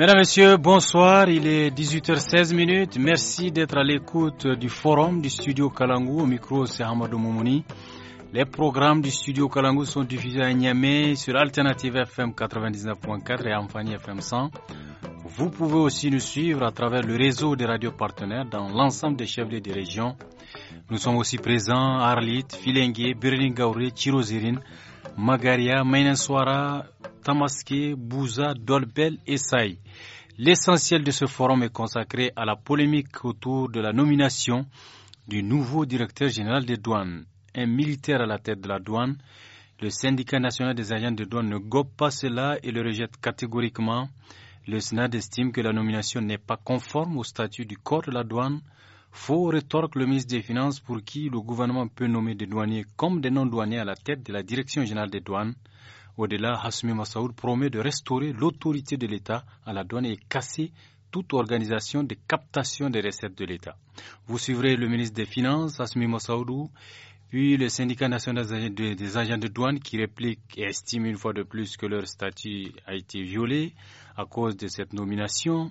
Mesdames, Messieurs, bonsoir. Il est 18h16 minutes. Merci d'être à l'écoute du forum du studio Kalangou. Au micro, c'est Hamadou Moumouni. Les programmes du studio Kalangou sont diffusés à Niamey sur Alternative FM 99.4 et Amphani FM 100. Vous pouvez aussi nous suivre à travers le réseau des radios partenaires dans l'ensemble des chefs des régions. Nous sommes aussi présents à Arlit, Filengue, Birlingaouré, Chirozirine, Magaria, Mainenswara, Tamaske, Bouza, Dolbel et Saï. L'essentiel de ce forum est consacré à la polémique autour de la nomination du nouveau directeur général des douanes. Un militaire à la tête de la douane, le syndicat national des agents de douane ne gobe pas cela et le rejette catégoriquement. Le Sénat estime que la nomination n'est pas conforme au statut du corps de la douane Faux rétorque le ministre des Finances pour qui le gouvernement peut nommer des douaniers comme des non-douaniers à la tête de la Direction générale des douanes. Au-delà, Hasmi Massaoud promet de restaurer l'autorité de l'État à la douane et casser toute organisation de captation des recettes de l'État. Vous suivrez le ministre des Finances, Hasmi Massaoudou, puis le syndicat national des agents de douane qui réplique et estime une fois de plus que leur statut a été violé à cause de cette nomination.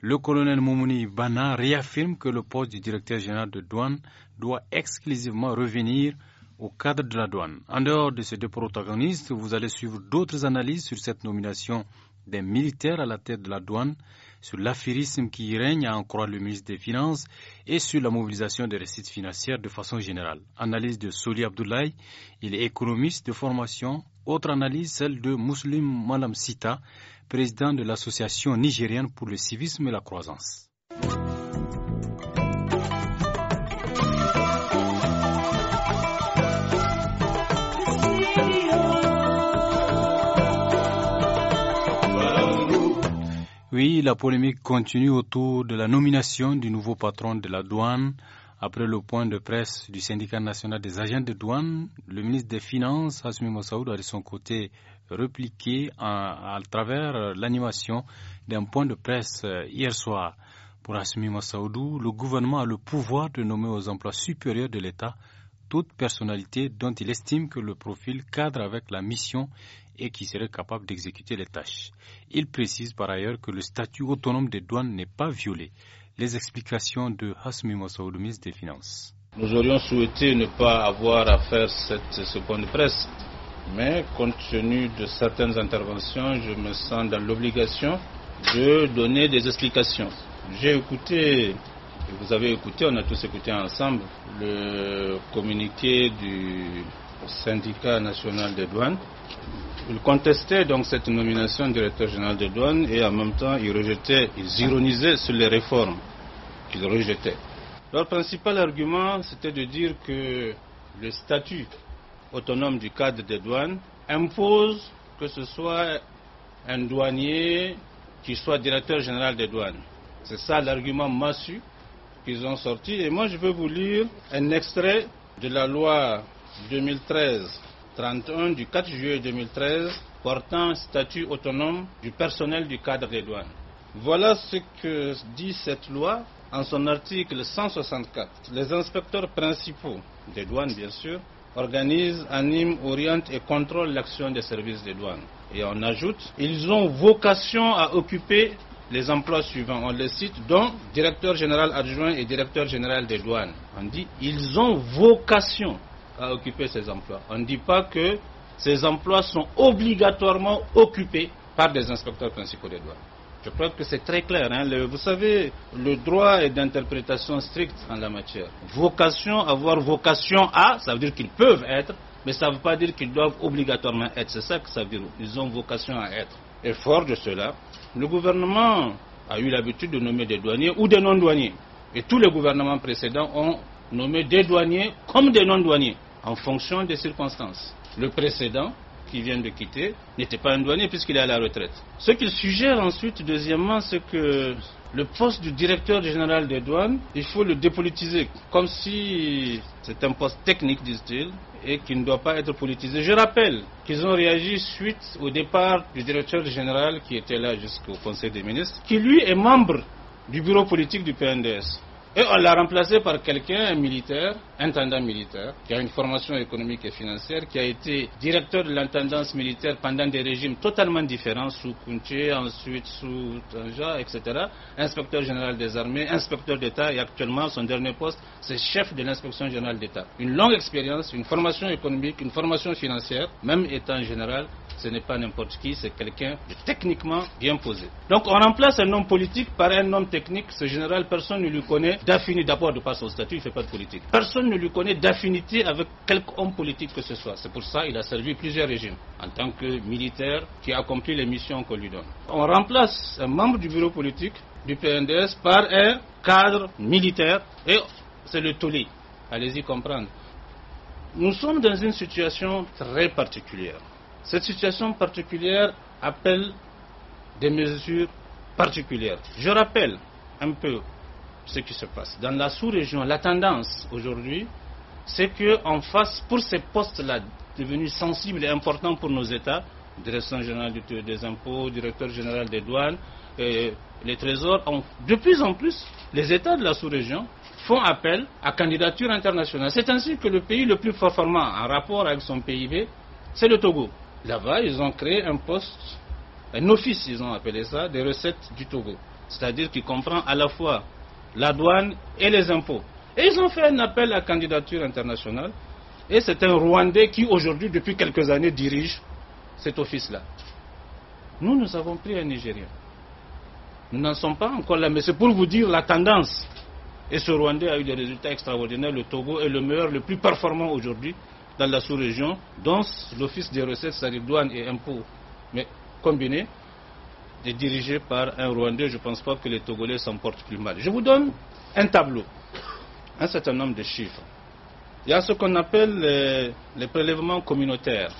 Le colonel Moumouni Bana réaffirme que le poste du directeur général de douane doit exclusivement revenir au cadre de la douane. En dehors de ces deux protagonistes, vous allez suivre d'autres analyses sur cette nomination des militaires à la tête de la douane, sur l'affirisme qui y règne à en croire le ministre des Finances et sur la mobilisation des récits financières de façon générale. Analyse de Souli Abdoulaye, il est économiste de formation. Autre analyse, celle de Muslim Malam Sita, président de l'Association nigérienne pour le civisme et la croissance. Oui, la polémique continue autour de la nomination du nouveau patron de la douane. Après le point de presse du syndicat national des agents de douane, le ministre des Finances, Asmi Moussaoud, a de son côté repliqué à, travers euh, l'animation d'un point de presse euh, hier soir. Pour Assimi Massaoudou, le gouvernement a le pouvoir de nommer aux emplois supérieurs de l'État toute personnalité dont il estime que le profil cadre avec la mission et qui serait capable d'exécuter les tâches. Il précise par ailleurs que le statut autonome des douanes n'est pas violé. Les explications de Hasmi Massaoudou, ministre des Finances. Nous aurions souhaité ne pas avoir à faire cette, ce point de presse mais compte tenu de certaines interventions, je me sens dans l'obligation de donner des explications. J'ai écouté, vous avez écouté, on a tous écouté ensemble le communiqué du syndicat national des douanes. Il contestait donc cette nomination de directeur général des douanes et en même temps il rejetait, ils ironisaient sur les réformes qu'ils rejetaient. Leur principal argument, c'était de dire que le statut autonome du cadre des douanes impose que ce soit un douanier qui soit directeur général des douanes. C'est ça l'argument massu qu'ils ont sorti. Et moi, je veux vous lire un extrait de la loi 2013-31 du 4 juillet 2013 portant statut autonome du personnel du cadre des douanes. Voilà ce que dit cette loi en son article 164. Les inspecteurs principaux des douanes, bien sûr, organise, anime, oriente et contrôle l'action des services des douanes. Et on ajoute, ils ont vocation à occuper les emplois suivants. On les cite, dont directeur général adjoint et directeur général des douanes. On dit, ils ont vocation à occuper ces emplois. On ne dit pas que ces emplois sont obligatoirement occupés par des inspecteurs principaux des douanes. Je crois que c'est très clair. Hein. vous savez, le droit est d'interprétation stricte en la matière. Vocation, avoir vocation à, ça veut dire qu'ils peuvent être, mais ça ne veut pas dire qu'ils doivent obligatoirement être. C'est ça que ça veut dire. Ils ont vocation à être. Et fort de cela, le gouvernement a eu l'habitude de nommer des douaniers ou des non-douaniers. Et tous les gouvernements précédents ont nommé des douaniers comme des non-douaniers, en fonction des circonstances. Le précédent qui vient de quitter n'était pas un douanier puisqu'il est à la retraite. Ce qu'il suggère ensuite, deuxièmement, c'est que le poste du directeur général des douanes, il faut le dépolitiser, comme si c'était un poste technique, disent-ils, et qui ne doit pas être politisé. Je rappelle qu'ils ont réagi suite au départ du directeur général qui était là jusqu'au Conseil des ministres, qui lui est membre du bureau politique du PNDS. Et on l'a remplacé par quelqu'un, un militaire, intendant militaire, qui a une formation économique et financière, qui a été directeur de l'intendance militaire pendant des régimes totalement différents, sous Kunche, ensuite sous Tanja, etc. Inspecteur général des armées, inspecteur d'État, et actuellement son dernier poste, c'est chef de l'inspection générale d'État. Une longue expérience, une formation économique, une formation financière, même étant général, ce n'est pas n'importe qui, c'est quelqu'un de techniquement bien posé. Donc on remplace un homme politique par un homme technique, ce général, personne ne lui connaît d'affinité, d'abord de par son statut, il ne fait pas de politique. Personne ne lui connaît d'affinité avec quelque homme politique que ce soit. C'est pour ça qu'il a servi plusieurs régimes en tant que militaire qui a accompli les missions qu'on lui donne. On remplace un membre du bureau politique du PNDS par un cadre militaire et c'est le tollé. Allez-y comprendre. Nous sommes dans une situation très particulière. Cette situation particulière appelle des mesures particulières. Je rappelle un peu ce qui se passe. Dans la sous-région, la tendance aujourd'hui, c'est qu'en face pour ces postes-là devenus sensibles et importants pour nos États, direction générale e des impôts, directeur général des douanes, et les trésors, ont, de plus en plus, les États de la sous-région font appel à candidature internationale. C'est ainsi que le pays le plus performant en rapport avec son PIB, c'est le Togo. Là-bas, ils ont créé un poste, un office, ils ont appelé ça, des recettes du Togo. C'est-à-dire qu'il comprend à la fois la douane et les impôts. Et ils ont fait un appel à candidature internationale. Et c'est un Rwandais qui, aujourd'hui, depuis quelques années, dirige cet office-là. Nous, nous avons pris un Nigérien. Nous n'en sommes pas encore là, mais c'est pour vous dire la tendance. Et ce Rwandais a eu des résultats extraordinaires. Le Togo est le meilleur, le plus performant aujourd'hui dans la sous-région, dont l'Office des recettes, cest douane et impôts, mais combiné, est dirigé par un Rwandais, je ne pense pas que les Togolais s'en portent plus mal. Je vous donne un tableau, un certain nombre de chiffres. Il y a ce qu'on appelle les, prélèvements communautaires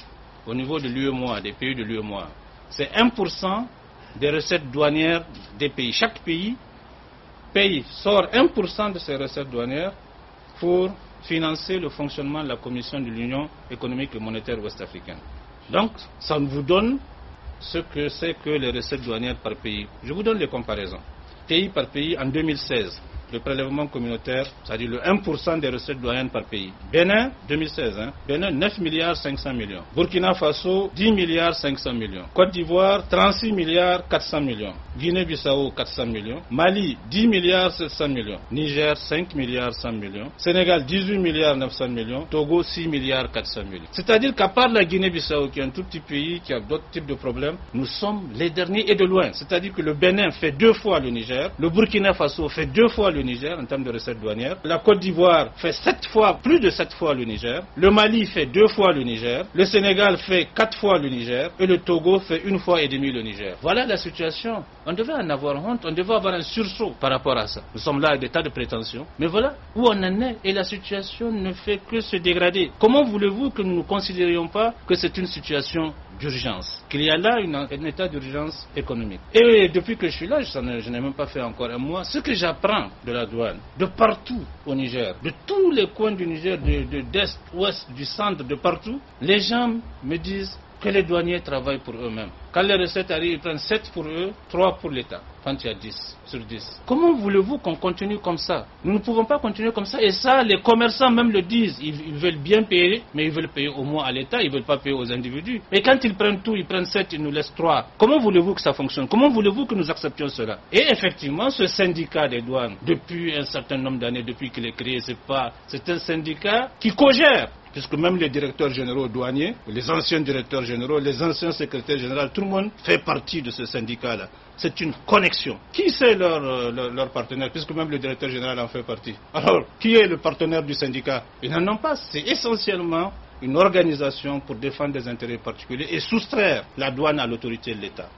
au niveau de l'UEMOA, des pays de l'UEMOA. C'est 1% des recettes douanières des pays. Chaque pays paye, sort 1% de ses recettes douanières pour financer le fonctionnement de la Commission de l'Union économique et monétaire ouest-africaine. Donc, ça vous donne ce que c'est que les recettes douanières par pays. Je vous donne les comparaisons. Pays par pays, en 2016, le prélèvement communautaire, c'est-à-dire le 1% des recettes douanières par pays. Bénin, 2016, hein, Bénin, 9 milliards 500 millions. Burkina Faso, 10 milliards 500 millions. Côte d'Ivoire, 36 milliards 400 millions. Guinée-Bissau, 400 millions. Mali, 10 milliards 700 millions. Niger, 5 milliards 100 millions. Sénégal, 18 milliards 900 millions. Togo, 6 milliards 400 millions. C'est-à-dire qu'à part la Guinée-Bissau, qui est un tout petit pays, qui a d'autres types de problèmes, nous sommes les derniers et de loin. C'est-à-dire que le Bénin fait deux fois le Niger, le Burkina Faso fait deux fois le le Niger en termes de recettes douanières. La Côte d'Ivoire fait 7 fois, plus de 7 fois le Niger. Le Mali fait 2 fois le Niger. Le Sénégal fait 4 fois le Niger. Et le Togo fait une fois et demi le Niger. Voilà la situation. On devait en avoir honte. On devait avoir un sursaut par rapport à ça. Nous sommes là avec des tas de prétentions. Mais voilà où on en est. Et la situation ne fait que se dégrader. Comment voulez-vous que nous ne considérions pas que c'est une situation d'urgence, qu'il y a là un état d'urgence économique. Et depuis que je suis là, je n'ai même pas fait encore un mois, ce que j'apprends de la douane, de partout au Niger, de tous les coins du Niger, de, d'est, ouest, du centre, de partout, les gens me disent que les douaniers travaillent pour eux-mêmes. Quand les recettes arrivent, ils prennent 7 pour eux, 3 pour l'État, quand il y a 10 sur 10. Comment voulez-vous qu'on continue comme ça Nous ne pouvons pas continuer comme ça. Et ça, les commerçants même le disent. Ils, veulent bien payer, mais ils veulent payer au moins à l'État, ils ne veulent pas payer aux individus. Mais quand ils prennent tout, ils prennent 7, ils nous laissent 3. Comment voulez-vous que ça fonctionne Comment voulez-vous que nous acceptions cela Et effectivement, ce syndicat des douanes, depuis un certain nombre d'années, depuis qu'il est créé, c'est pas, c'est un syndicat qui cogère puisque même les directeurs généraux douaniers, les anciens directeurs généraux, les anciens secrétaires généraux, tout le monde fait partie de ce syndicat-là. C'est une connexion. Qui c'est euh, leur, partenaire, puisque même le directeur général en fait partie Alors, qui est le partenaire du syndicat Ils n'en ont pas. C'est essentiellement une organisation pour défendre des intérêts particuliers et soustraire la douane à l'autorité de l'État.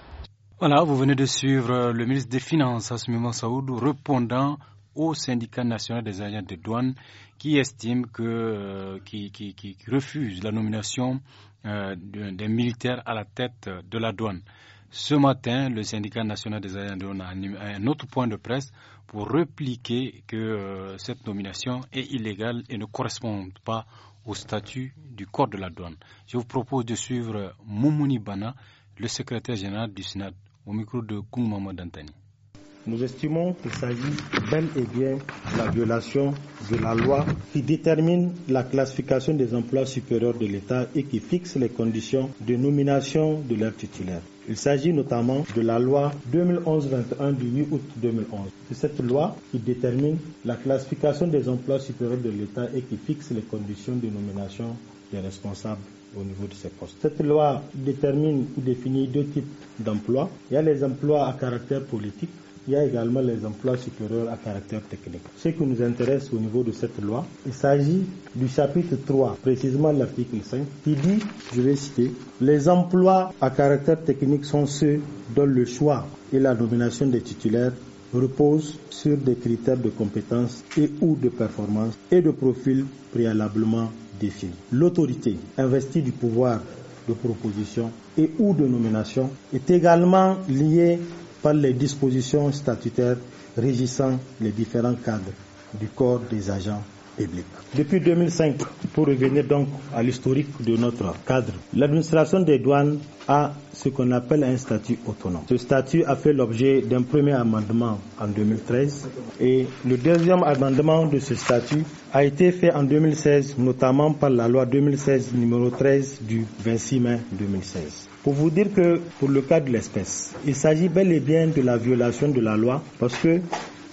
Voilà, vous venez de suivre le ministre des Finances, moment, Saoud, répondant au syndicat national des agents de douane qui estime que, euh, qui, qui, refuse la nomination euh, des militaires à la tête de la douane. Ce matin, le syndicat national des agents de douane a un autre point de presse pour répliquer que euh, cette nomination est illégale et ne correspond pas au statut du corps de la douane. Je vous propose de suivre Moumouni Bana, le secrétaire général du Sénat, au micro de Koumama Dantani nous estimons qu'il s'agit bel et bien de la violation de la loi qui détermine la classification des emplois supérieurs de l'État et qui fixe les conditions de nomination de leurs titulaires. Il s'agit notamment de la loi 2011-21 du 8 août 2011. C'est cette loi qui détermine la classification des emplois supérieurs de l'État et qui fixe les conditions de nomination des responsables au niveau de ces postes. Cette loi détermine ou définit deux types d'emplois. Il y a les emplois à caractère politique il y a également les emplois supérieurs à caractère technique. Ce qui nous intéresse au niveau de cette loi, il s'agit du chapitre 3, précisément l'article 5, qui dit, je vais citer, les emplois à caractère technique sont ceux dont le choix et la nomination des titulaires repose sur des critères de compétence et ou de performance et de profil préalablement définis. L'autorité investie du pouvoir de proposition et ou de nomination est également liée par les dispositions statutaires régissant les différents cadres du corps des agents publics. Depuis 2005, pour revenir donc à l'historique de notre cadre, l'administration des douanes a ce qu'on appelle un statut autonome. Ce statut a fait l'objet d'un premier amendement en 2013 et le deuxième amendement de ce statut a été fait en 2016, notamment par la loi 2016 numéro 13 du 26 mai 2016. Pour vous dire que pour le cas de l'espèce, il s'agit bel et bien de la violation de la loi parce que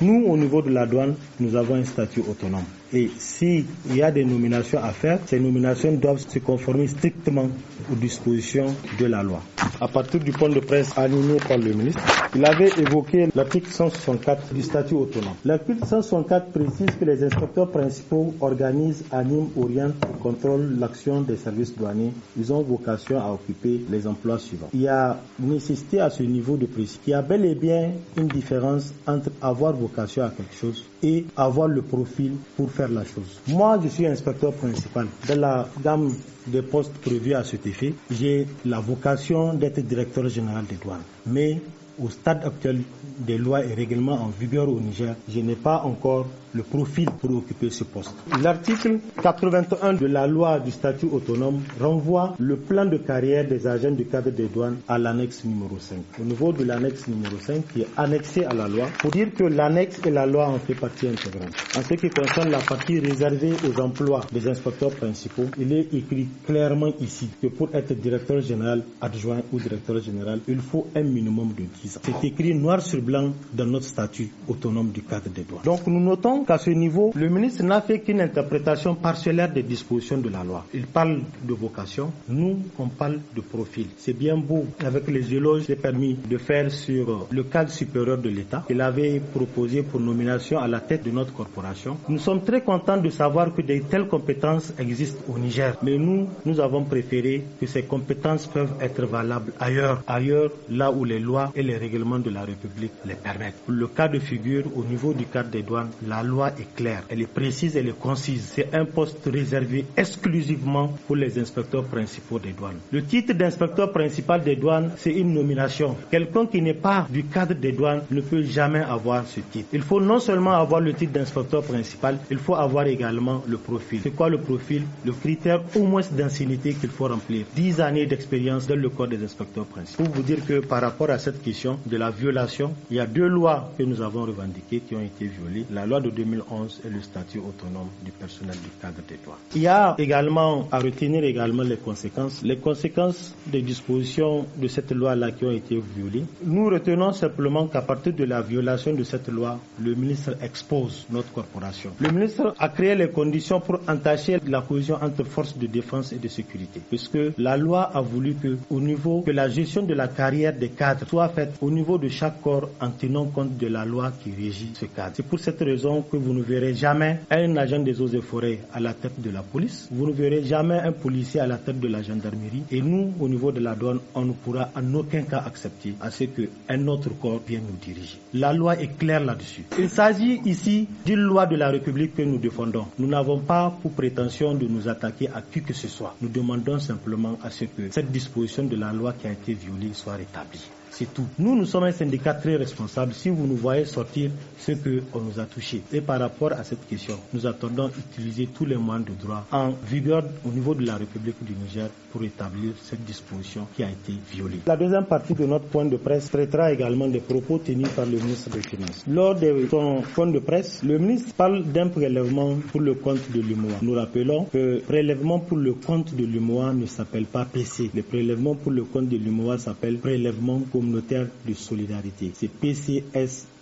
nous, au niveau de la douane, nous avons un statut autonome. Et s'il y a des nominations à faire, ces nominations doivent se conformer strictement aux dispositions de la loi. À partir du point de presse animé par le ministre, il avait évoqué l'article 164 du statut autonome. L'article 164 précise que les inspecteurs principaux organisent, animent, orientent et contrôlent l'action des services douaniers. Ils ont vocation à occuper les emplois suivants. Il y a nécessité à ce niveau de précision Il y a bel et bien une différence entre avoir vocation à quelque chose et avoir le profil pour faire la chose. Moi, je suis inspecteur principal de la gamme de postes prévus à cet effet. J'ai la vocation d'être directeur général des douanes. Mais au stade actuel des lois et règlements en vigueur au Niger, je n'ai pas encore le profil pour occuper ce poste. L'article 81 de la loi du statut autonome renvoie le plan de carrière des agents du cadre des douanes à l'annexe numéro 5. Au niveau de l'annexe numéro 5 qui est annexée à la loi, pour dire que l'annexe et la loi en fait partie intégrante. En ce qui concerne la partie réservée aux emplois des inspecteurs principaux, il est écrit clairement ici que pour être directeur général adjoint ou directeur général, il faut un minimum de 10 ans. C'est écrit noir sur blanc dans notre statut autonome du cadre des douanes. Donc nous notons qu'à ce niveau, le ministre n'a fait qu'une interprétation partielle des dispositions de la loi. Il parle de vocation, nous, on parle de profil. C'est bien beau, avec les éloges, j'ai permis de faire sur euh, le cadre supérieur de l'État. Il avait proposé pour nomination à la tête de notre corporation. Nous sommes très contents de savoir que de telles compétences existent au Niger. Mais nous, nous avons préféré que ces compétences peuvent être valables ailleurs, ailleurs, là où les lois et les règlements de la République les permettent. Le cas de figure au niveau du cadre des douanes, la loi est claire, elle est précise, elle est concise. C'est un poste réservé exclusivement pour les inspecteurs principaux des douanes. Le titre d'inspecteur principal des douanes, c'est une nomination. Quelqu'un qui n'est pas du cadre des douanes ne peut jamais avoir ce titre. Il faut non seulement avoir le titre d'inspecteur principal, il faut avoir également le profil. C'est quoi le profil Le critère au moins d'ancienneté qu'il faut remplir. 10 années d'expérience dans le corps des inspecteurs principaux. Pour vous dire que par rapport à cette question de la violation, il y a deux lois que nous avons revendiquées qui ont été violées. La loi de 2011 et le statut autonome du personnel du cadre des droits. Il y a également à retenir également les conséquences, les conséquences des dispositions de cette loi-là qui ont été violées. Nous retenons simplement qu'à partir de la violation de cette loi, le ministre expose notre corporation. Le ministre a créé les conditions pour entacher la cohésion entre forces de défense et de sécurité, puisque la loi a voulu que, au niveau que la gestion de la carrière des cadres soit faite au niveau de chaque corps en tenant compte de la loi qui régit ce cadre. C'est pour cette raison que vous ne verrez jamais un agent des eaux et forêts à la tête de la police, vous ne verrez jamais un policier à la tête de la gendarmerie. Et nous, au niveau de la douane, on ne pourra en aucun cas accepter à ce qu'un autre corps vienne nous diriger. La loi est claire là-dessus. Il s'agit ici d'une loi de la République que nous défendons. Nous n'avons pas pour prétention de nous attaquer à qui que ce soit. Nous demandons simplement à ce que cette disposition de la loi qui a été violée soit rétablie. C'est tout. Nous, nous sommes un syndicat très responsable. Si vous nous voyez sortir, que on nous a touché. Et par rapport à cette question, nous attendons utiliser tous les moyens de droit en vigueur au niveau de la République du Niger pour établir cette disposition qui a été violée. La deuxième partie de notre point de presse traitera également des propos tenus par le ministre des Finances. Lors de son point de presse, le ministre parle d'un prélèvement pour le compte de l'UMOA. Nous rappelons que prélèvement pour le compte de l'UMOA ne s'appelle pas PC. Le prélèvement pour le compte de l'UMOA s'appelle prélèvement comme communautaire de solidarité, c'est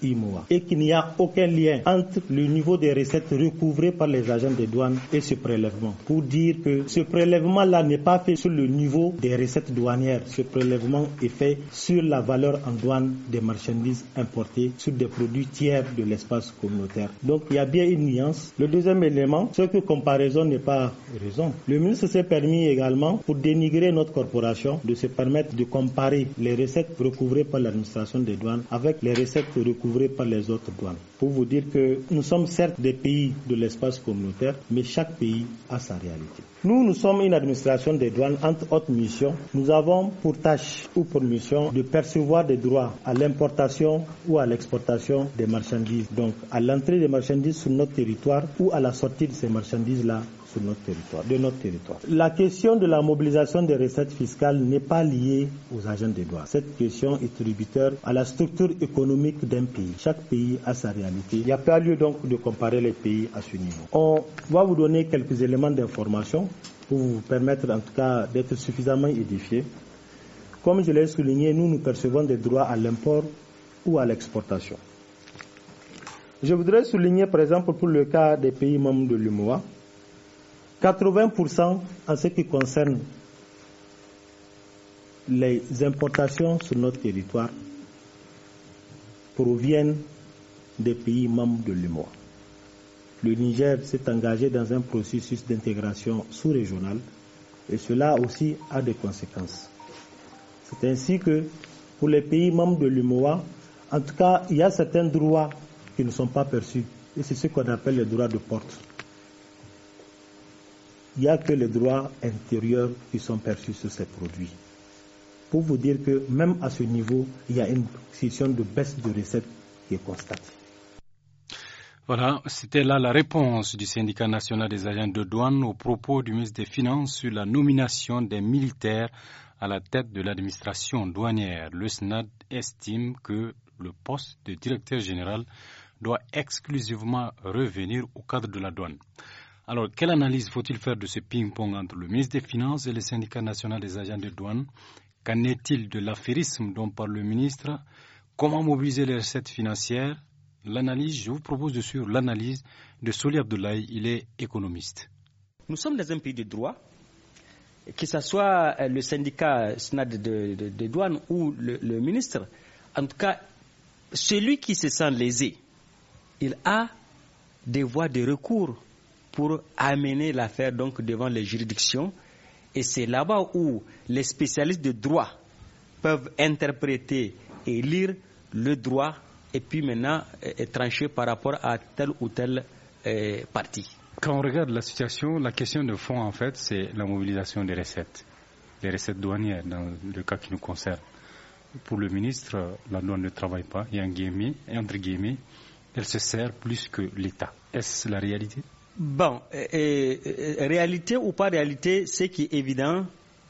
IMOA. et qu'il n'y a aucun lien entre le niveau des recettes recouvrées par les agents des douanes et ce prélèvement. Pour dire que ce prélèvement-là n'est pas fait sur le niveau des recettes douanières, ce prélèvement est fait sur la valeur en douane des marchandises importées sur des produits tiers de l'espace communautaire. Donc il y a bien une nuance. Le deuxième élément, c'est que comparaison n'est pas raison. Le ministre s'est permis également, pour dénigrer notre corporation, de se permettre de comparer les recettes recouvrées par l'administration des douanes avec les recettes recouvrées par les autres douanes. Pour vous dire que nous sommes certes des pays de l'espace communautaire, mais chaque pays a sa réalité. Nous, nous sommes une administration des douanes entre autres missions. Nous avons pour tâche ou pour mission de percevoir des droits à l'importation ou à l'exportation des marchandises. Donc, à l'entrée des marchandises sur notre territoire ou à la sortie de ces marchandises-là notre territoire, de notre territoire. La question de la mobilisation des recettes fiscales n'est pas liée aux agents des droits. Cette question est tributaire à la structure économique d'un pays. Chaque pays a sa réalité. Il n'y a pas lieu donc de comparer les pays à ce niveau. On va vous donner quelques éléments d'information pour vous permettre en tout cas d'être suffisamment édifié. Comme je l'ai souligné, nous nous percevons des droits à l'import ou à l'exportation. Je voudrais souligner, par exemple, pour le cas des pays membres de l'UMOA, 80% en ce qui concerne les importations sur notre territoire proviennent des pays membres de l'UMOA. Le Niger s'est engagé dans un processus d'intégration sous-régionale et cela aussi a des conséquences. C'est ainsi que pour les pays membres de l'UMOA, en tout cas, il y a certains droits qui ne sont pas perçus et c'est ce qu'on appelle les droits de porte il n'y a que les droits intérieurs qui sont perçus sur ces produits. Pour vous dire que même à ce niveau, il y a une situation de baisse de recettes qui est constatée. Voilà, c'était là la réponse du syndicat national des agents de douane au propos du ministre des Finances sur la nomination des militaires à la tête de l'administration douanière. Le SNAD estime que le poste de directeur général doit exclusivement revenir au cadre de la douane. Alors, quelle analyse faut-il faire de ce ping-pong entre le ministre des Finances et le syndicat national des agents de douane Qu'en est-il de l'affairisme dont parle le ministre Comment mobiliser les recettes financières L'analyse, je vous propose de suivre l'analyse de Soli Abdoulaye, il est économiste. Nous sommes dans un pays de droit, que ce soit euh, le syndicat SNAD de, douane ou le, le, ministre, en tout cas, celui qui se sent lésé, il a des voies de recours pour amener l'affaire donc devant les juridictions. Et c'est là-bas où les spécialistes de droit peuvent interpréter et lire le droit et puis maintenant euh, trancher par rapport à telle ou telle parti. Euh, partie. Quand on regarde la situation, la question de fond en fait, c'est la mobilisation des recettes, des recettes douanières dans le cas qui nous concerne. Pour le ministre, la douane ne travaille pas et entre guillemets, elle se sert plus que l'État. Est-ce la réalité Bon, réalité ou pas réalité, ce qui est évident,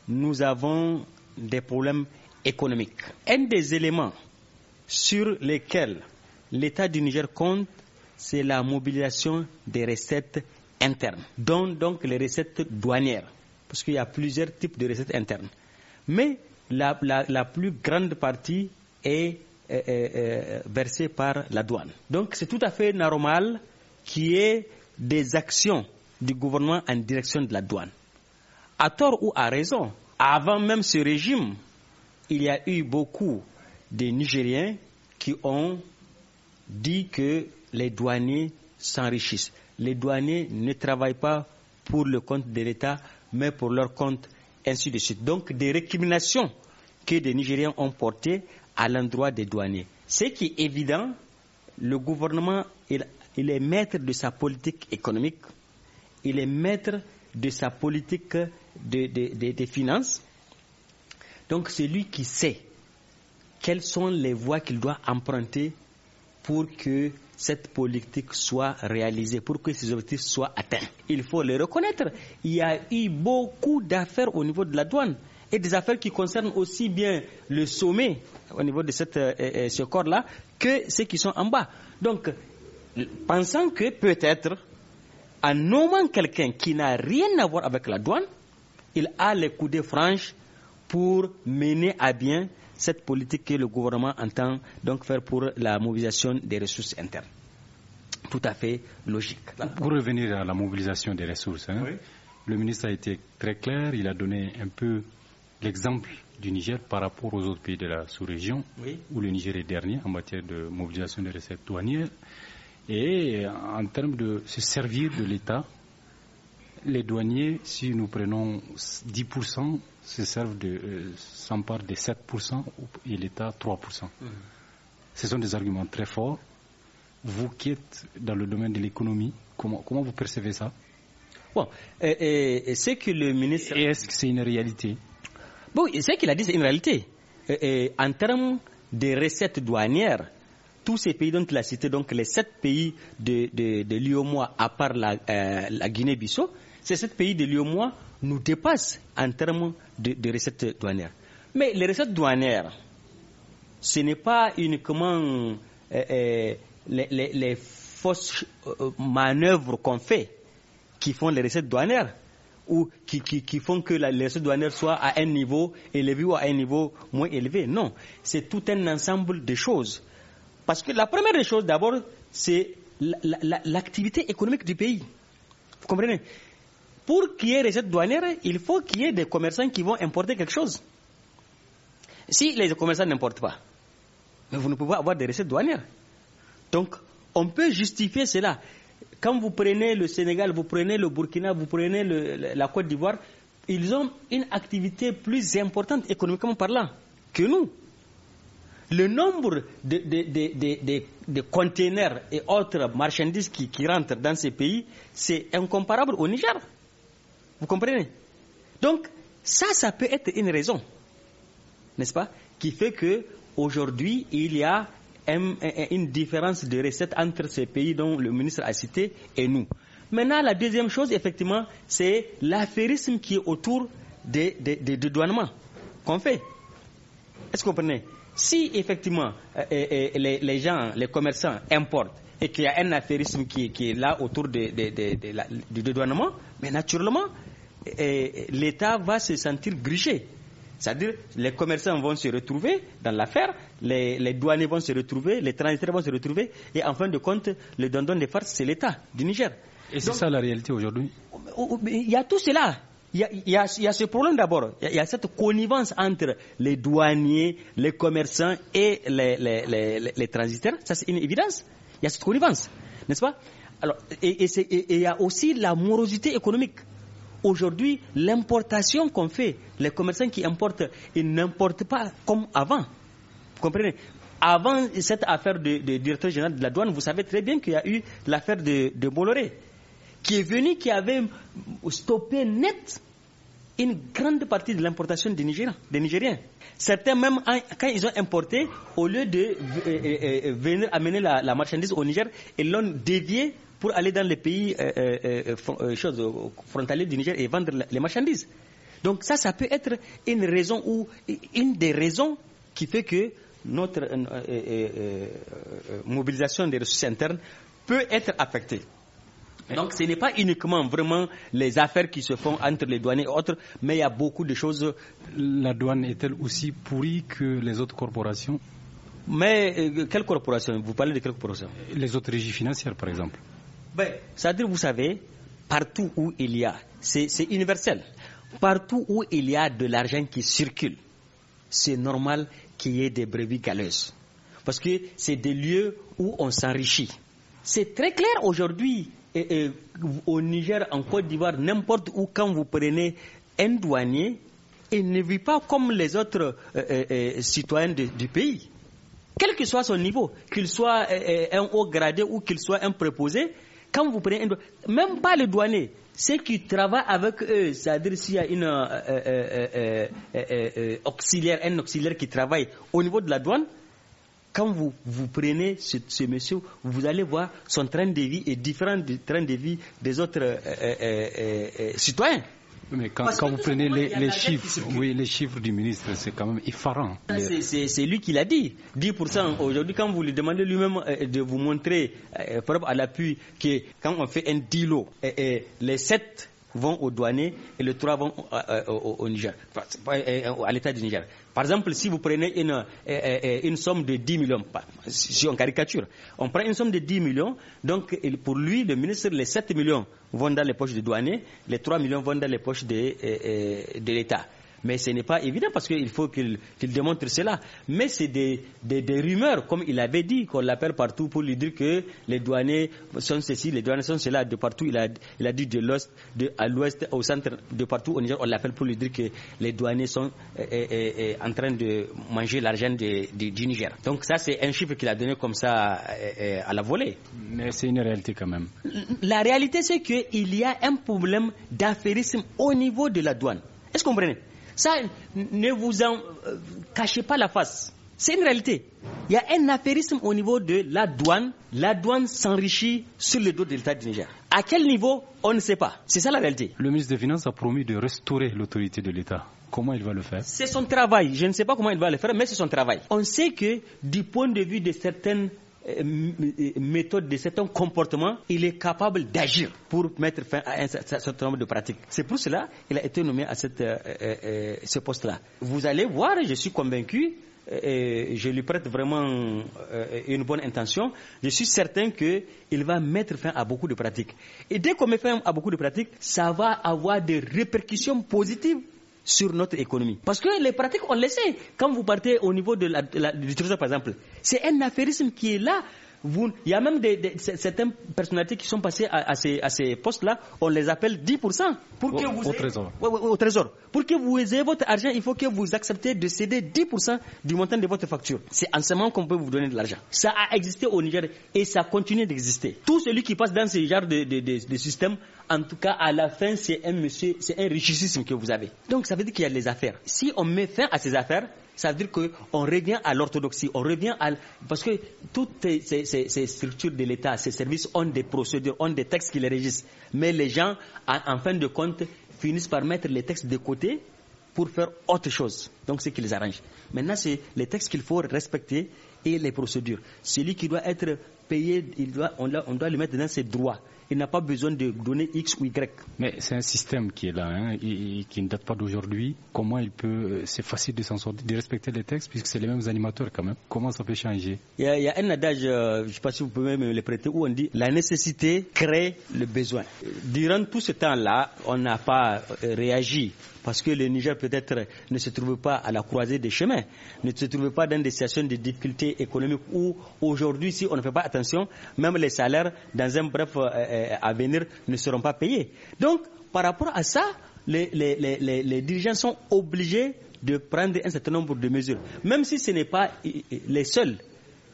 nous avons des problèmes économiques. Un des éléments sur lesquels l'État du Niger compte, c'est la mobilisation des recettes internes, dont donc les recettes douanières, parce qu'il y a plusieurs types de recettes internes. Mais la, la plus grande partie est versée par la douane. Donc c'est tout à fait normal qu'il y ait des actions du gouvernement en direction de la douane. À tort ou à raison, avant même ce régime, il y a eu beaucoup de Nigériens qui ont dit que les douaniers s'enrichissent. Les douaniers ne travaillent pas pour le compte de l'État, mais pour leur compte, ainsi de suite. Donc des récriminations que des Nigériens ont portées à l'endroit des douaniers. Ce qui est évident, le gouvernement il il est maître de sa politique économique, il est maître de sa politique des de, finances. Donc c'est lui qui sait quelles sont les voies qu'il doit emprunter pour que cette politique soit réalisée, pour que ses objectifs soient atteints. Il faut le reconnaître. Il y a eu beaucoup d'affaires au niveau de la douane et des affaires qui concernent aussi bien le sommet au niveau de cette, euh, euh, ce corps-là que ceux qui sont en bas. Donc, pensant que peut-être, en nommant quelqu'un qui n'a rien à voir avec la douane, il a les coudées franches pour mener à bien cette politique que le gouvernement entend donc faire pour la mobilisation des ressources internes. Tout à fait logique. Pour revenir à la mobilisation des ressources, hein, le ministre a été très clair, il a donné un peu l'exemple du Niger par rapport aux autres pays de la sous-région, où le Niger est dernier en matière de mobilisation des recettes douanières. Et en termes de se servir de l'État, les douaniers, si nous prenons 10%, se servent de, euh, s'emparent de 7% et l'État 3%. Mhm. Ce sont des arguments très forts. Vous qui êtes dans le domaine de l'économie, comment, comment vous percevez ça Bon, et, c'est que le ministre. est-ce que c'est une réalité Bon, ce qu'il a dit, c'est une réalité. Et, en termes de recettes douanières, tous ces pays dont la cité, donc les sept pays de, de, de à part euh, la, Guinée-Bissau, ces sept pays de l'UOMOA nous dépassent en termes de, recettes douanières. Mais les recettes douanières, ce n'est pas uniquement euh, euh, les, fausses manœuvres qu'on fait qui font les recettes douanières ou qui, font que les recettes douanières soient à un niveau élevé ou à un niveau moins élevé. Non, c'est tout un ensemble de choses parce que la première chose, d'abord, c'est l'activité économique du pays. Vous comprenez Pour qu'il y ait recettes douanières, il faut qu'il y ait des commerçants qui vont importer quelque chose. Si les commerçants n'importent pas, vous ne pouvez pas avoir des recettes douanières. Donc, on peut justifier cela. Quand vous prenez le Sénégal, vous prenez le Burkina, vous prenez la Côte d'Ivoire, ils ont une activité plus importante économiquement parlant que nous le nombre de, de, containers et autres marchandises qui, rentrent dans ces pays, c'est incomparable au Niger. Vous comprenez Donc, ça, ça peut être une raison, n'est-ce pas, qui fait que aujourd'hui il y a une différence de recettes entre ces pays dont le ministre a cité et nous. Maintenant, la deuxième chose, effectivement, c'est l'affairisme qui est autour des, des, des douanements qu'on fait. Est-ce que vous comprenez si effectivement euh, euh, euh, les, gens, les commerçants importent et qu'il y a un affairisme qui, est là autour du dédouanement, mais naturellement, l'État va se sentir grigé. C'est-à-dire, les commerçants vont se retrouver dans l'affaire, les, douaniers vont se retrouver, les transitaires vont se retrouver, et en fin de compte, le dindon des farces, c'est l'État du Niger. Et c'est ça la réalité aujourd'hui Il y a tout cela il y, a ce problème d'abord. Il y, a cette connivence entre les douaniers, les commerçants et les, transitaires. Ça, c'est une évidence. Il y a cette connivence. N'est-ce pas Alors, et il y a aussi la morosité économique. Aujourd'hui, l'importation qu'on fait, les commerçants qui importent, ils n'importent pas comme avant. Vous comprenez Avant cette affaire du directeur général de la douane, vous savez très bien qu'il y a eu l'affaire de, de Bolloré qui est venu, qui avait stoppé net une grande partie de l'importation des, des Nigériens. Certains même, quand ils ont importé, au lieu de euh, euh, euh, venir amener la, marchandise au Niger, ils l'ont dévié pour aller dans les pays frontaliers du Niger et vendre les marchandises. Donc ça, ça peut être une raison ou une des raisons qui fait que notre mobilisation des ressources internes peut être affectée. Donc ce n'est pas uniquement vraiment les affaires qui se font entre les douaniers et autres, mais il y a beaucoup de choses. Euh, La douane est-elle aussi pourrie que les autres corporations Mais euh, quelles corporations Vous parlez de quelles corporations Les autres régies financières, par exemple. Ben, c'est-à-dire, vous savez, partout où il y a, c'est universel, partout où il y a de l'argent qui circule, c'est normal qu'il y ait des brebis galeuses. Parce que c'est des lieux où on s'enrichit. C'est très clair aujourd'hui au Niger, en Côte d'Ivoire, n'importe où, quand vous prenez un douanier, il ne vit pas comme les autres euh, euh, euh, citoyens du pays. Quel que soit son niveau, qu'il soit un haut gradé ou qu'il soit un préposé, quand vous prenez un douanier, même pas le douanier, ceux qui travaillent avec eux, c'est-à-dire s'il y a une, auxiliaire, un auxiliaire qui travaille au niveau de la douane, quand vous, vous prenez ce, monsieur, vous allez voir son train de vie est différent du train de vie des autres euh, euh, euh, citoyens. Mais quand, vous prenez les, chiffres, les chiffres du ministre, c'est quand même effarant. C'est lui qui l'a dit. 10% aujourd'hui, quand vous lui demandez lui-même de vous montrer, à l'appui, que quand on fait un dilo, les 7 vont aux douaniers et les trois vont euh, euh, au, Niger, euh, à l'État du Niger. Par exemple, si vous prenez une, une somme de 10 millions, si on caricature, on prend une somme de 10 millions, donc pour lui, le ministre, les 7 millions vont dans les poches des douaniers, les 3 millions vont dans les poches de, de l'État. Mais ce n'est pas évident parce qu'il faut qu'il démontre cela. Mais c'est des, rumeurs, comme il avait dit, qu'on l'appelle partout pour lui dire que les douaniers sont ceci, les douaniers sont cela, de partout. Il a, a dit de l'ouest, à l'ouest, au centre, de partout au Niger, on l'appelle pour lui dire que les douaniers sont euh, euh, euh, en train de manger l'argent du Niger. Donc ça, c'est un chiffre qu'il a donné comme ça à la volée. Mais c'est une réalité quand même. La réalité, c'est qu'il y a un problème d'affairisme au niveau de la douane. Est-ce que vous comprenez ça, ne vous en euh, cachez pas la face. C'est une réalité. Il y a un affairisme au niveau de la douane. La douane s'enrichit sur le dos de l'État du Niger. À quel niveau, on ne sait pas. C'est ça la réalité. Le ministre des Finances a promis de restaurer l'autorité de l'État. Comment il va le faire C'est son travail. Je ne sais pas comment il va le faire, mais c'est son travail. On sait que du point de vue de certaines euh, euh, méthode, de certains comportements, il est capable d'agir pour mettre fin à un certain nombre de pratiques. C'est pour cela qu'il a été nommé à euh, ce poste-là. Vous allez voir, je suis convaincu, je lui prête vraiment une bonne intention, je suis certain qu'il va mettre fin à beaucoup de pratiques. Et dès qu'on met fin à beaucoup de pratiques, ça va avoir des répercussions positives sur notre économie. Parce que les pratiques, on laissé. sait. Quand vous partez au niveau de la, du trésor, par exemple, c'est un affairisme qui est là il y a même des, certaines personnalités qui sont passées à, ces, postes-là, on les appelle 10% pour que au, vous trésor. trésor. Pour que vous ayez votre argent, il faut que vous acceptiez de céder 10% du montant de votre facture. C'est en ce moment qu'on peut vous donner de l'argent. Ça a existé au Niger et ça continue d'exister. Tout celui qui passe dans ce genre de, système, en tout cas, à la fin, c'est un monsieur, c'est un richissime que vous avez. Donc, ça veut dire qu'il y a des affaires. Si on met fin à ces affaires, ça veut dire qu'on revient à l'orthodoxie, on revient à... Parce que toutes ces, structures de l'État, ces services ont des procédures, ont des textes qui les régissent. Mais les gens, en fin de compte, finissent par mettre les textes de côté pour faire autre chose. Donc c'est les arrange. Maintenant, c'est les textes qu'il faut respecter et les procédures. Celui qui doit être payé, il doit, on doit le mettre dans ses droits il n'a pas besoin de donner X ou Y. Mais c'est un système qui est là, hein, qui ne date pas d'aujourd'hui. Comment il peut. Euh, c'est facile de s'en sortir, de respecter les textes, puisque c'est les mêmes animateurs quand même. Comment ça peut changer Il y a, un adage, euh, je ne sais pas si vous pouvez me le prêter, où on dit la nécessité crée le besoin. Durant tout ce temps-là, on n'a pas euh, réagi parce que le Niger peut-être ne se trouve pas à la croisée des chemins, ne se trouve pas dans des situations de difficultés économiques où aujourd'hui, si on ne fait pas attention, même les salaires, dans un bref euh, à venir ne seront pas payés. Donc, par rapport à ça, les, dirigeants sont obligés de prendre un certain nombre de mesures, même si ce n'est pas euh, euh, les seuls.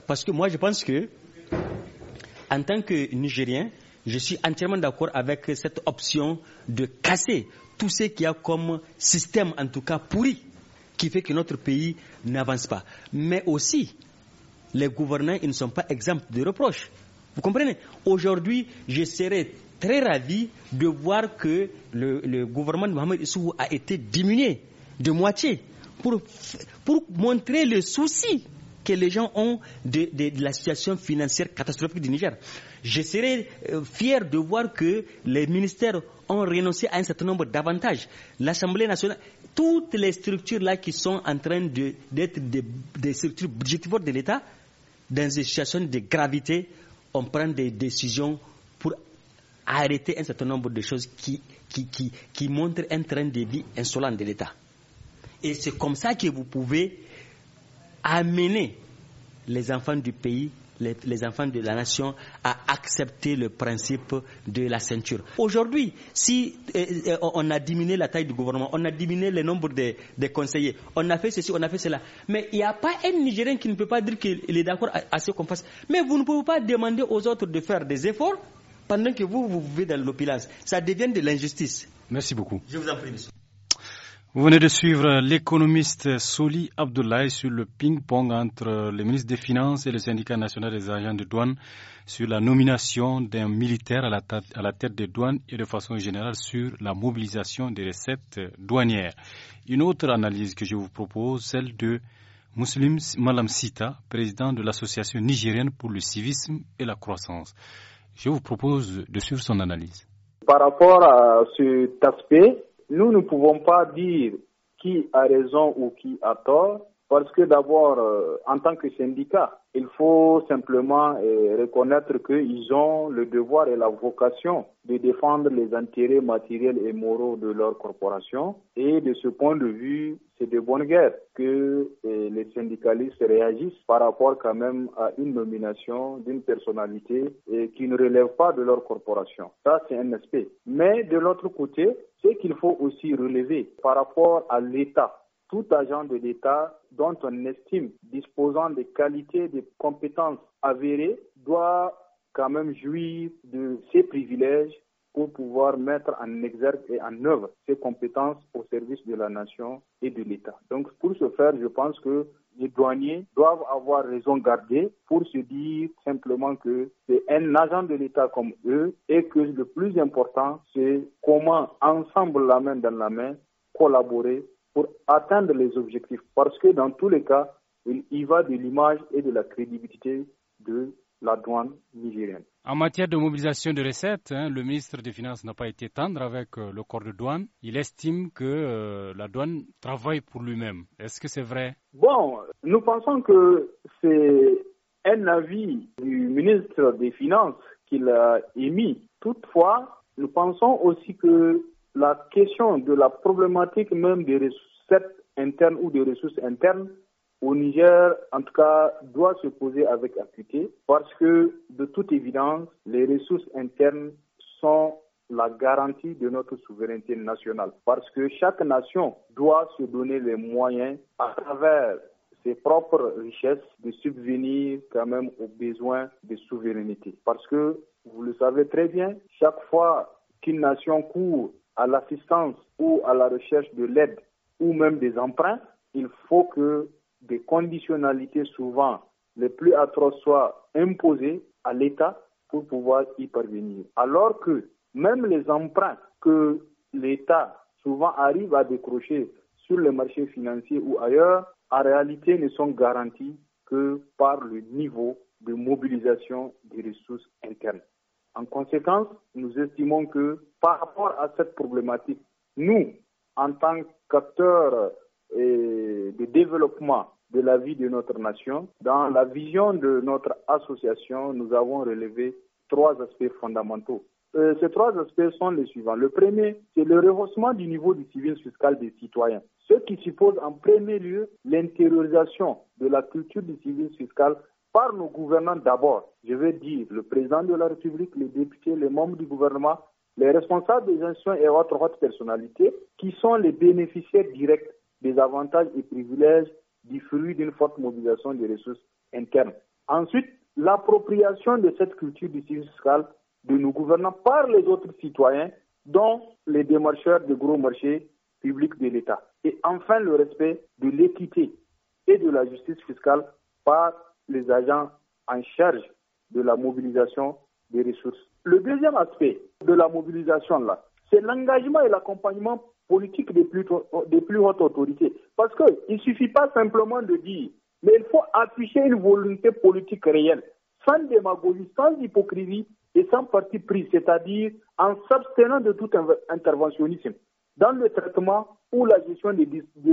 Parce que moi, je pense que, en tant que Nigérien, je suis entièrement d'accord avec cette option de casser tout ce qu'il y a comme système, en tout cas pourri, qui fait que notre pays n'avance pas. Mais aussi, les gouvernants ils ne sont pas exempts de reproches. Vous comprenez Aujourd'hui, je serais très ravi de voir que le, gouvernement de Mohamed Issou a été diminué de moitié pour, pour montrer le souci que les gens ont de, la situation financière catastrophique du Niger. Je serais euh, fier de voir que les ministères ont renoncé à un certain nombre d'avantages. L'Assemblée nationale, toutes les structures là qui sont en train d'être des, des, structures budgétaires de l'État, dans une situation de gravité, on prend des décisions pour arrêter un certain nombre de choses qui, qui, montrent un train de vie insolent de l'État. Et c'est comme ça que vous pouvez amener les enfants du pays les, enfants de la nation à accepter le principe de la ceinture. Aujourd'hui, si euh, euh, on a diminué la taille du gouvernement, on a diminué le nombre des de conseillers, on a fait ceci, on a fait cela, mais il n'y a pas un Nigérien qui ne peut pas dire qu'il est d'accord à, à ce qu'on fasse. Mais vous ne pouvez pas demander aux autres de faire des efforts pendant que vous, vous vivez dans l'opulence. Ça devient de l'injustice. Merci beaucoup. Je vous en prie, monsieur. Vous venez de suivre l'économiste Soli Abdoulaye sur le ping-pong entre le ministre des Finances et le syndicat national des agents de douane sur la nomination d'un militaire à la, tête des douanes et de façon générale sur la mobilisation des recettes douanières. Une autre analyse que je vous propose, celle de Muslim Malam Sita, président de l'Association nigérienne pour le civisme et la croissance. Je vous propose de suivre son analyse. Par rapport à cet aspect, nous ne pouvons pas dire qui a raison ou qui a tort, parce que d'abord, euh, en tant que syndicat, il faut simplement euh, reconnaître qu'ils ont le devoir et la vocation de défendre les intérêts matériels et moraux de leur corporation. Et de ce point de vue, c'est de bonne guerre que euh, les syndicalistes réagissent par rapport quand même à une nomination d'une personnalité et euh, qui ne relève pas de leur corporation. Ça, c'est un aspect. Mais de l'autre côté, ce qu'il faut aussi relever par rapport à l'État tout agent de l'État dont on estime disposant des qualités des compétences avérées doit quand même jouir de ses privilèges pour pouvoir mettre en exergue et en œuvre ses compétences au service de la nation et de l'État. Donc pour ce faire, je pense que les douaniers doivent avoir raison gardée pour se dire simplement que c'est un agent de l'État comme eux et que le plus important, c'est comment ensemble, la main dans la main, collaborer pour atteindre les objectifs. Parce que dans tous les cas, il y va de l'image et de la crédibilité de la douane nigérienne. En matière de mobilisation de recettes, hein, le ministre des Finances n'a pas été tendre avec euh, le corps de douane. Il estime que euh, la douane travaille pour lui-même. Est-ce que c'est vrai Bon, nous pensons que c'est un avis du ministre des Finances qu'il a émis. Toutefois, nous pensons aussi que la question de la problématique même des recettes internes ou des ressources internes au Niger, en tout cas, doit se poser avec acuité parce que, de toute évidence, les ressources internes sont la garantie de notre souveraineté nationale parce que chaque nation doit se donner les moyens à travers ses propres richesses de subvenir quand même aux besoins de souveraineté. Parce que, vous le savez très bien, chaque fois qu'une nation court à l'assistance ou à la recherche de l'aide ou même des emprunts, il faut que des conditionnalités souvent les plus atroces soient imposées à l'État pour pouvoir y parvenir. Alors que même les emprunts que l'État souvent arrive à décrocher sur les marchés financiers ou ailleurs, en réalité ne sont garantis que par le niveau de mobilisation des ressources internes. En conséquence, nous estimons que par rapport à cette problématique, nous, en tant qu'acteurs euh, de développement de la vie de notre nation, dans la vision de notre association, nous avons relevé trois aspects fondamentaux. Euh, ces trois aspects sont les suivants. Le premier, c'est le rehaussement du niveau du civil fiscal des citoyens, ce qui suppose en premier lieu l'intériorisation de la culture du civil fiscal par nos gouvernants d'abord. Je veux dire le président de la République, les députés, les membres du gouvernement, les responsables des institutions et autres hautes personnalités qui sont les bénéficiaires directs des avantages et privilèges du fruit d'une forte mobilisation des ressources internes. Ensuite, l'appropriation de cette culture du fiscal de nos gouvernants par les autres citoyens, dont les démarcheurs de gros marchés publics de l'État. Et enfin, le respect de l'équité et de la justice fiscale par les agents en charge de la mobilisation des ressources. Le deuxième aspect de la mobilisation, là, c'est l'engagement et l'accompagnement politique des plus, des plus hautes autorités. Parce qu'il ne suffit pas simplement de dire, mais il faut afficher une volonté politique réelle, sans démagogie, sans hypocrisie et sans parti pris, c'est-à-dire en s'abstenant de tout interventionnisme dans le traitement ou la gestion des,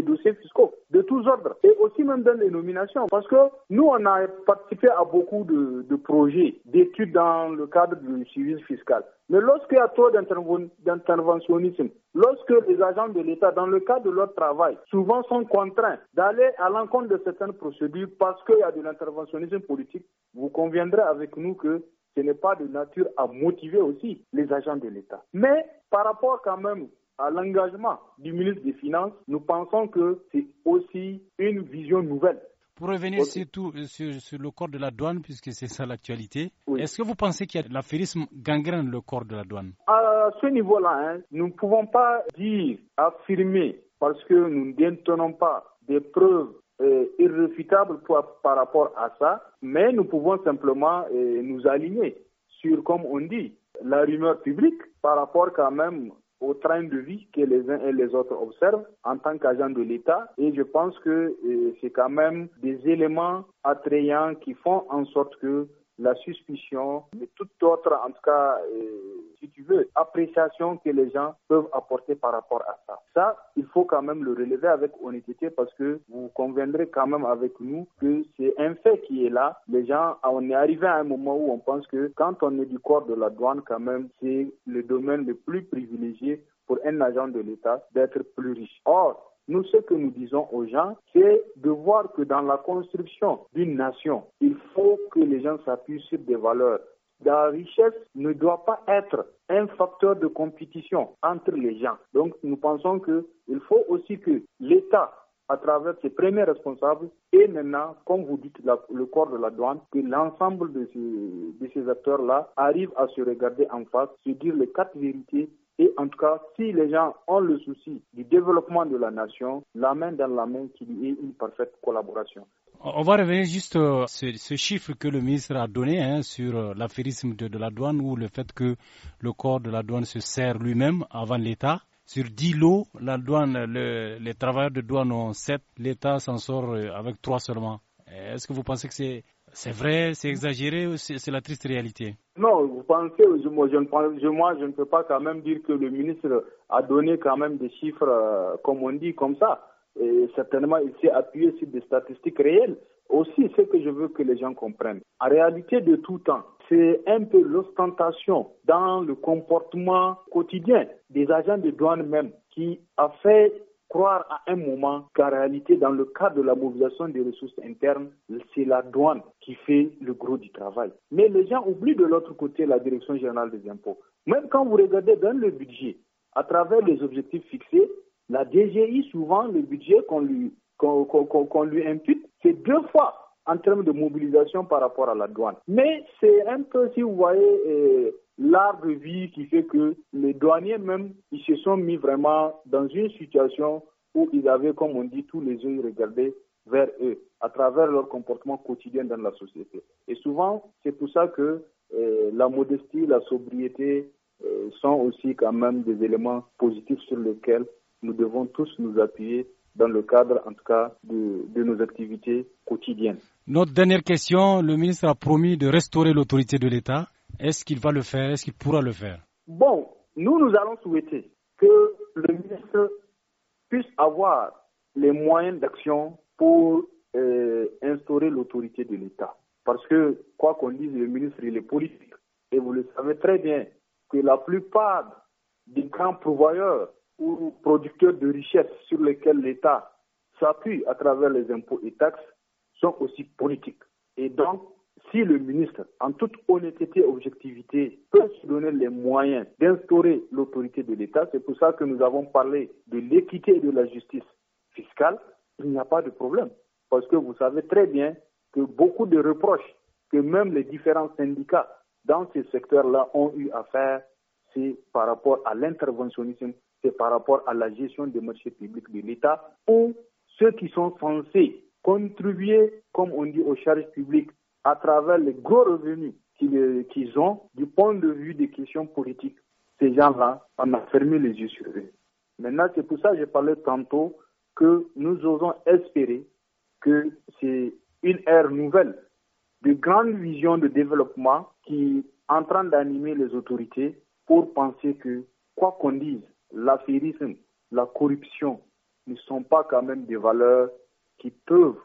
dossiers fiscaux de tous ordres et aussi même dans les nominations parce que nous on a participé à beaucoup de, projets d'études dans le cadre du service fiscal mais lorsqu'il y a trop d'interventionnisme lorsque les agents de l'État dans le cadre de leur travail souvent sont contraints d'aller à l'encontre de certaines procédures parce qu'il y a de l'interventionnisme politique vous conviendrez avec nous que ce n'est pas de nature à motiver aussi les agents de l'État. Mais par rapport quand même à l'engagement du ministre des Finances, nous pensons que c'est aussi une vision nouvelle. Pour revenir surtout euh, sur, le corps de la douane, puisque c'est ça l'actualité, est-ce que vous pensez qu'il y a l'affairisme gangrène le corps de la douane À ce niveau-là, hein, nous ne pouvons pas dire, affirmer, parce que nous ne détenons pas des preuves euh, irréfutables par rapport à ça, mais nous pouvons simplement euh, nous aligner sur, comme on dit, la rumeur publique par rapport quand même au train de vie que les uns et les autres observent en tant qu'agents de l'État. Et je pense que euh, c'est quand même des éléments attrayants qui font en sorte que la suspicion mais toute autre, en tout cas, euh, si tu veux, appréciation que les gens peuvent apporter par rapport à ça. Ça, il faut quand même le relever avec honnêteté parce que vous conviendrez quand même avec nous que c'est un fait qui est là. Les gens, ah, on est arrivé à un moment où on pense que quand on est du corps de la douane, quand même, c'est le domaine le plus privilégié pour un agent de l'État d'être plus riche. Or, nous, ce que nous disons aux gens, c'est de voir que dans la construction d'une nation, il faut que les gens s'appuient sur des valeurs. La richesse ne doit pas être un facteur de compétition entre les gens. Donc, nous pensons qu'il faut aussi que l'État à travers ses premiers responsables et maintenant, comme vous dites, le corps de la douane, que l'ensemble de, de ces acteurs-là arrivent à se regarder en face, se dire les quatre vérités et en tout cas, si les gens ont le souci du développement de la nation, la main dans la main, qu'il y ait une parfaite collaboration. On va revenir juste sur euh, ce chiffre que le ministre a donné hein, sur euh, l'affairisme de, la douane ou le fait que le corps de la douane se sert lui-même avant l'État. Sur 10 lots, la douane, les travailleurs de douane ont 7, l'État s'en sort euh, avec 3 seulement. Est-ce que vous pensez que c'est c'est vrai, c'est exagéré ou c'est la triste réalité Non, vous pensez, moi je, ne, peux pas quand même dire que le ministre a donné quand même des chiffres, euh, comme on dit, comme ça. Et certainement, il s'est appuyé sur des statistiques réelles. Aussi, ce que je veux que les gens comprennent, en réalité de tout temps, c'est un peu l'ostentation dans le comportement quotidien des agents de douane même qui a fait croire à un moment qu'en réalité, dans le cadre de la mobilisation des ressources internes, c'est la douane qui fait le gros du travail. Mais les gens oublient de l'autre côté la Direction générale des impôts. Même quand vous regardez dans le budget, à travers les objectifs fixés, la DGI, souvent, le budget qu'on lui, qu'on qu'on lui impute, c'est deux fois en termes de mobilisation par rapport à la douane. Mais c'est un peu, si vous voyez, euh, l'art de vie qui fait que les douaniers même, ils se sont mis vraiment dans une situation où ils avaient, comme on dit, tous les yeux regardés vers eux, à travers leur comportement quotidien dans la société. Et souvent, c'est pour ça que euh, la modestie, la sobriété euh, sont aussi quand même des éléments positifs sur lesquels nous devons tous nous appuyer dans le cadre, en tout cas, de, de, nos activités quotidiennes. Notre dernière question, le ministre a promis de restaurer l'autorité de l'État. Est-ce qu'il va le faire Est-ce qu'il pourra le faire Bon, nous, nous allons souhaiter que le ministre puisse avoir les moyens d'action pour euh, instaurer l'autorité de l'État. Parce que, quoi qu'on dise, le ministre, il est politique. Et vous le savez très bien que la plupart des grands pourvoyeurs ou producteurs de richesses sur lesquels l'État s'appuie à travers les impôts et taxes sont aussi politiques. Et donc, si le ministre, en toute honnêteté et objectivité, peut se donner les moyens d'instaurer l'autorité de l'État, c'est pour ça que nous avons parlé de l'équité et de la justice fiscale, il n'y a pas de problème. Parce que vous savez très bien que beaucoup de reproches que même les différents syndicats dans ce secteur là ont eu à faire, c'est par rapport à l'interventionnisme, c'est par rapport à la gestion des marchés publics de l'État, ou ceux qui sont censés contribuer, comme on dit, aux charges publiques à travers les gros revenus euh, qu'ils ont du point de vue des questions politiques. Ces gens-là, on a fermé les yeux sur eux. Maintenant, c'est pour ça que j'ai parlé tantôt que nous osons espérer que c'est une ère nouvelle de grandes visions de développement qui est en train d'animer les autorités pour penser que, quoi qu'on dise, l'affairisme, la corruption ne sont pas quand même des valeurs qui peuvent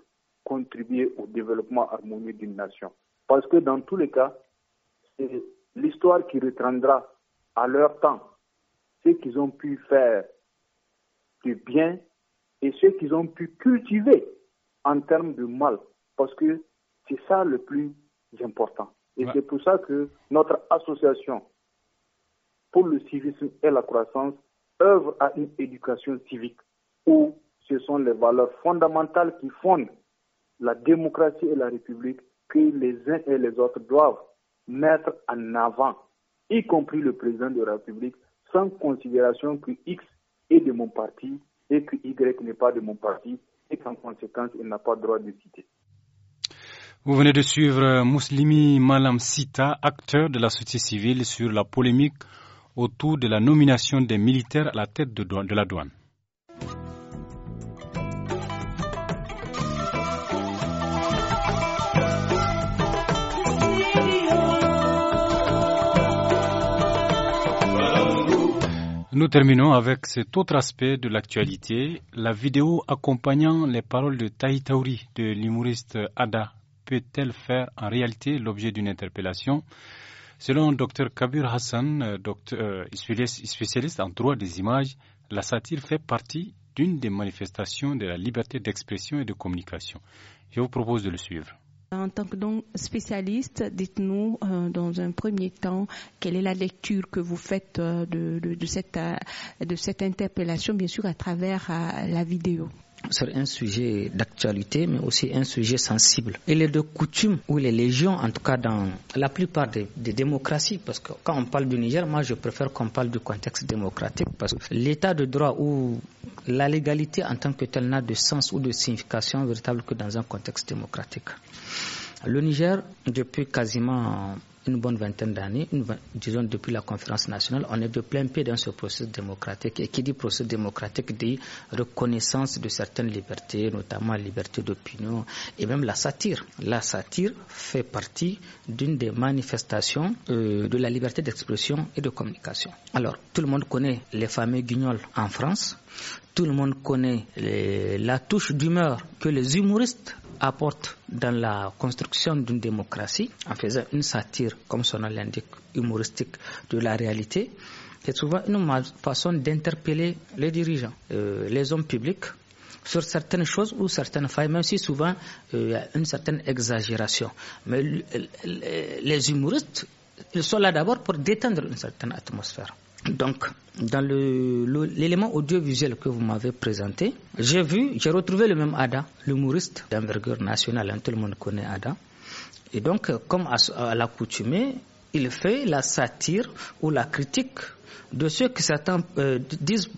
contribuer au développement harmonieux d'une nation. Parce que dans tous les cas, c'est l'histoire qui retiendra à leur temps ce qu'ils ont pu faire de bien et ce qu'ils ont pu cultiver en termes de mal. Parce que c'est ça le plus important. Et c'est pour ça que notre association pour le civisme et la croissance œuvre à une éducation civique où ce sont les valeurs fondamentales qui fondent la démocratie et la République que les uns et les autres doivent mettre en avant, y compris le président de la République, sans considération que X est de mon parti et que Y n'est pas de mon parti et qu'en conséquence, il n'a pas le droit de citer. Vous venez de suivre Mouslimi Malam Sita, acteur de la société civile, sur la polémique autour de la nomination des militaires à la tête de, de la douane. Nous terminons avec cet autre aspect de l'actualité, la vidéo accompagnant les paroles de Taï Tauri de l'humoriste Ada peut-elle faire en réalité l'objet d'une interpellation Selon Dr Kabir Hassan, euh, euh, spécialiste en droit des images, la satire fait partie d'une des manifestations de la liberté d'expression et de communication. Je vous propose de le suivre. En tant que donc spécialiste, dites-nous euh, dans un premier temps quelle est la lecture que vous faites euh, euh, de, cette, interpellation, bien sûr à travers la vidéo sur un sujet d'actualité, mais aussi un sujet sensible. Il est de coutume, ou les légions, en tout cas dans la plupart des, des, démocraties, parce que quand on parle du Niger, moi je préfère qu'on parle du contexte démocratique, parce que l'état de droit ou la légalité en tant que telle n'a de sens ou de signification véritable que dans un contexte démocratique. Le Niger, depuis quasiment une bonne vingtaine d'années, disons depuis la conférence nationale, on est de plein pied dans ce processus démocratique. Et qui dit processus démocratique dit reconnaissance de certaines libertés, notamment la liberté d'opinion et même la satire. La satire fait partie d'une des manifestations euh, de la liberté d'expression et de communication. Alors, tout le monde connaît les fameux guignols en France. Tout le monde connaît la touche d'humeur que les humoristes apporte dans la construction d'une démocratie en faisant une satire, comme son nom l'indique, humoristique de la réalité. C'est souvent une façon d'interpeller les dirigeants, euh, les hommes publics, sur certaines choses ou certaines failles, même si souvent euh, il y a une certaine exagération. Mais les humoristes, ils sont là d'abord pour détendre une certaine atmosphère. Donc, dans l'élément audiovisuel que vous m'avez présenté, j'ai vu, j'ai retrouvé le même Ada, l'humoriste d'envergure nationale, hein, tout le monde connaît Ada. Et donc, comme à, l'accoutumée, il fait la satire ou la critique de ceux qui certains euh, disent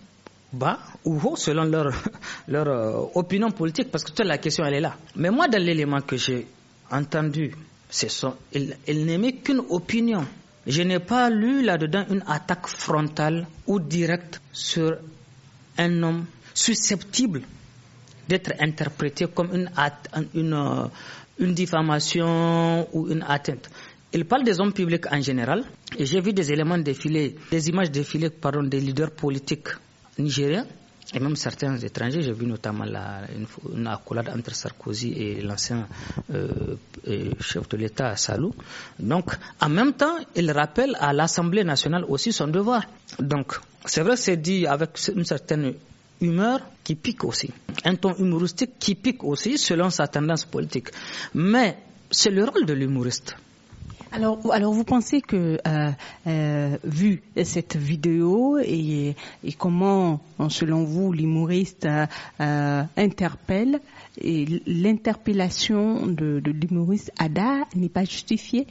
bas ou haut selon leur, euh, opinion politique, parce que toute la question, elle est là. Mais moi, dans l'élément que j'ai entendu, c'est sont, il, il qu'une opinion je n'ai pas lu là-dedans une attaque frontale ou directe sur un homme susceptible d'être interprété comme une, une, euh, une diffamation ou une atteinte. Il parle des hommes publics en général et j'ai vu des éléments défiler, des images défiler, des leaders politiques nigériens et même certains étrangers, j'ai vu notamment la, une, accolade entre Sarkozy et l'ancien euh, chef de l'État, Salou. Donc, en même temps, il rappelle à l'Assemblée nationale aussi son devoir. Donc, c'est vrai c'est dit avec une certaine humeur qui pique aussi, un ton humoristique qui pique aussi selon sa tendance politique. Mais c'est le rôle de l'humoriste. Alors, alors vous pensez que, euh, euh, vu cette vidéo et, comment, selon vous, l'humoriste euh, interpelle, et l'interpellation de, de l'humoriste Ada n'est pas justifiée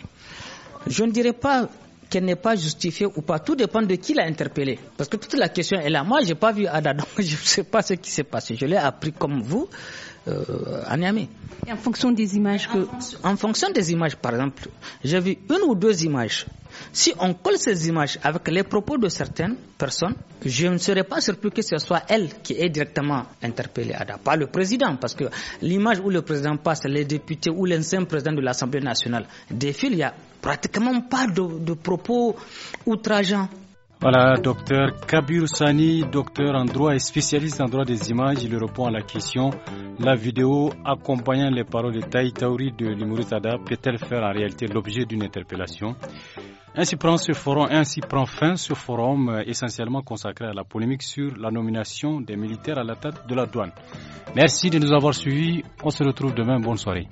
Je ne dirais pas qu'elle n'est pas justifiée ou pas. Tout dépend de qui l'a interpellée. Parce que toute la question est là. Moi, je n'ai pas vu Ada, donc je ne sais pas ce qui s'est passé. Je l'ai appris comme vous euh, Et en fonction des images que... En fonction des images, par exemple, j'ai vu une ou deux images. Si on colle ces images avec les propos de certaines personnes, je ne serais pas surpris que ce soit elle qui est directement interpellée, Ada, pas le président, parce que l'image où le président passe, les députés ou l'ancien président de l'Assemblée nationale défilent, il y a pratiquement pas de, propos outrageants. Voilà, docteur Kabir Sani, docteur en droit et spécialiste en droit des images, il répond à la question la vidéo accompagnant les paroles de Taï Taouri de l'Imuritada peut-elle faire en réalité l'objet d'une interpellation ainsi prend, ce forum, ainsi prend fin ce forum euh, essentiellement consacré à la polémique sur la nomination des militaires à la tête de la douane. Merci de nous avoir suivis. On se retrouve demain. Bonne soirée.